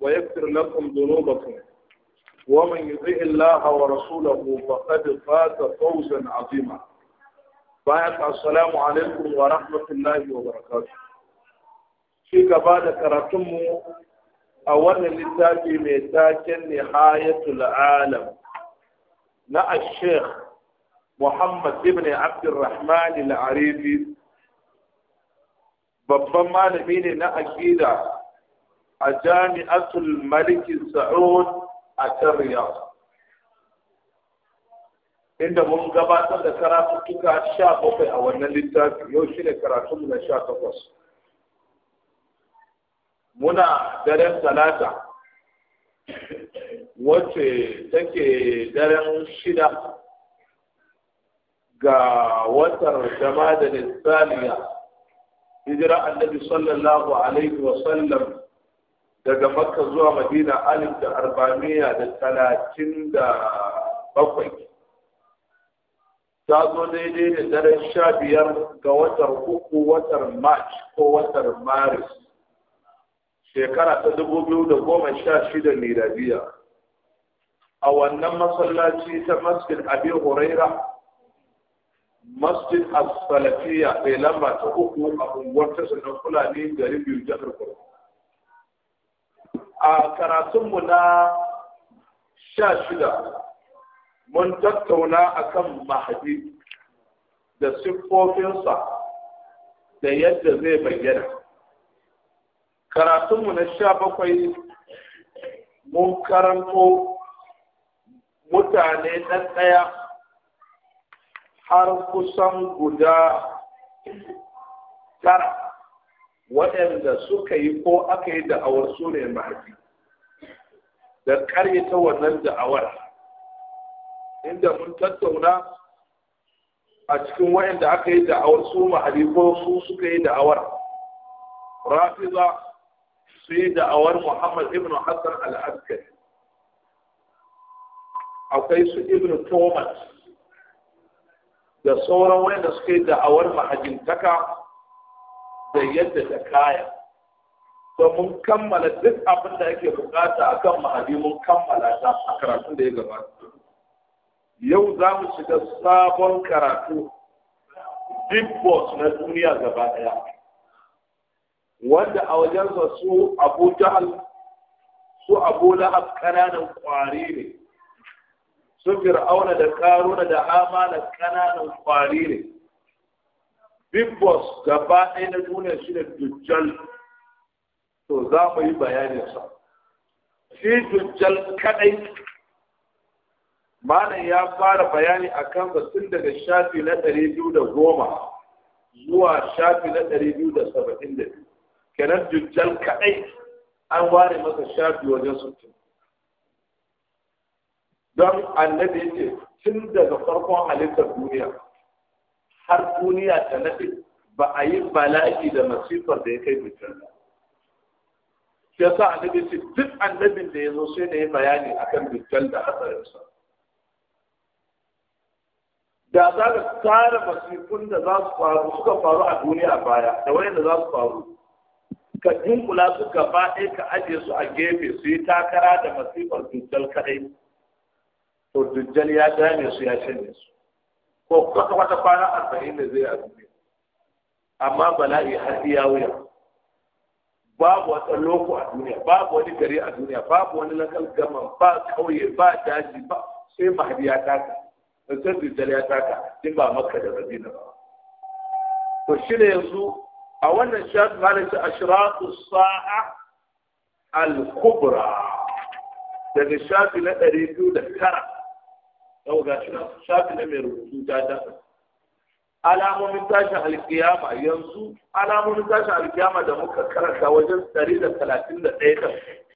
ويغفر لكم ذنوبكم ومن يطع الله ورسوله فقد فات فوزا عظيما بارك السلام عليكم ورحمة الله وبركاته في بعد كراتم أولا لتاجي ميتاج نهاية العالم نا الشيخ محمد بن عبد الرحمن العريبي babban malami ne na aƙida a jami'atul maliki sa'ud a tarriya inda mun gabatar da karatuttuka sha bakwai a wannan littafi yau shi ne karatunmu na sha takwas muna daren talata wacce take daren shida ga watar jama'a da nisaniya hijira annabi sallallahu alaihi wasallam daga makka zuwa madina alif da arbamiya da talatin da bakwai ta zo daidai da daren sha biyar ga watar uku watar march ko watar maris shekara ta dubu biyu da goma sha shida miladiya a wannan masallaci ta masjid abi huraira masjid as bai mai lamba ta uku a unguwar tasirin fulani garin biyu jihar kurkuku a karatunmu na sha shida mun tattauna akan mahadi da siffofinsa da yadda zai bayyana karatunmu na sha bakwai mun karanto mutane ɗaya har kusan guda tara waɗanda suka yi ko aka yi da'awar su ne mahadi da ta wannan da'awar inda mun tattauna a cikin waɗanda aka yi da'awar su mahadi ko su suka yi da'awar rafiza su yi da'awar muhammad ibn hassan al'askari akwai su ibn thomas da sauran waɗanda suka yi da'awar taka da yadda da kaya to mun kammala duk abin da yake bukata akan mahadi mun kammala ta a karatun da ya gabata yau za mu shiga sabon karatu big boss na duniya gaba daya wanda a wajensa su abu jahal su abu lahab kananan kwari ne su fir'auna da karuna da amana kananan kwari ne big gaba ɗaya na duniya shi ne dujjal to za mu yi bayanin sa shi dujjal kaɗai malam ya fara bayani a kan tun daga shafi na ɗari biyu da goma zuwa shafi na ɗari biyu da saba'in da biyu kenan dujjal kaɗai an ware masa shafi wajen sutin. don annabi ya ce tun daga farkon halittar duniya har duniya ta nafi ba a yi bala'i da masifar da ya kai mutum shi yasa annabi ce duk annabin da ya zo sai da ya bayani akan mutum da hatsarinsa da za ka tsara masifun da za su faru suka faru a duniya baya da wayanda za su faru ka dunkula su gaba ɗaya ka ajiye su a gefe su yi takara da masifar dujjal kaɗai to dujjal ya dame su ya canje su ko kwata kwata kwana arba'in da zai a duniya amma bala'i har iya wuya babu wata loko a duniya babu wani gari a duniya babu wani lakal gama. ba kauye ba daji ba sai mahadi ya taka da sai dijjal ya taka din ba makka da madina ba to shi ne yanzu a wannan shafi malam shi ashratu sa'a al-kubra daga shafi na ɗari biyu da tara yau ga shi shafi na mai rubutu ta ta alamomin tashin alkiyama yanzu alamomin tashin alkiyama da muka karanta wajen 131 da